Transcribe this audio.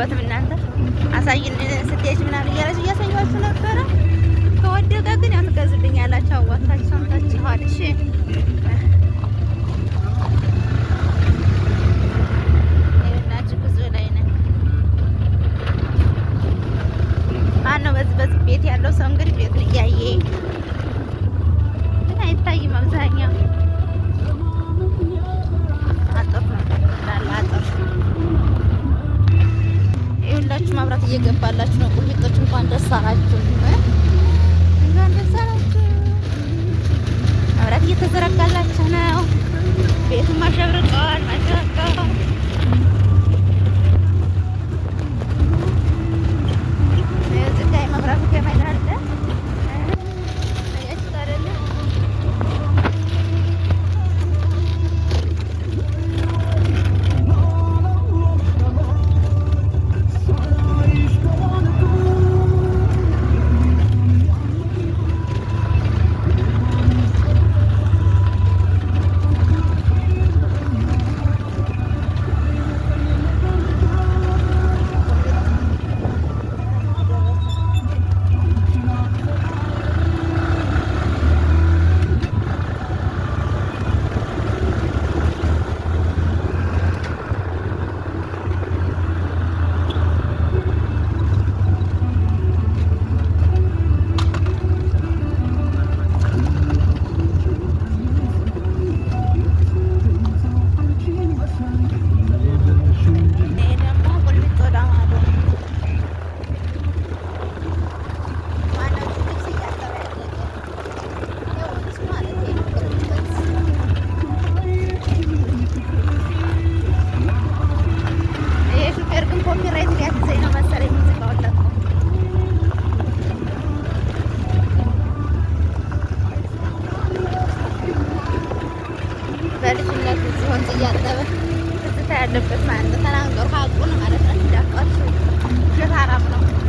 የለሁበትም። እናንተ አሳይን ስትሄጂ ምናምን እያለች እያሳየኋችሁ ነበረ። ከወደቀ ግን ያንገዝልኛላችሁ። አዋታችሁ ሰምታችኋል። እሺ እያጠበ ትዝታ ያለበት ማለት ነው። ተናገሩ ሀቁን ማለት ነው። እንዳትቀርሱ ውሸት ነው።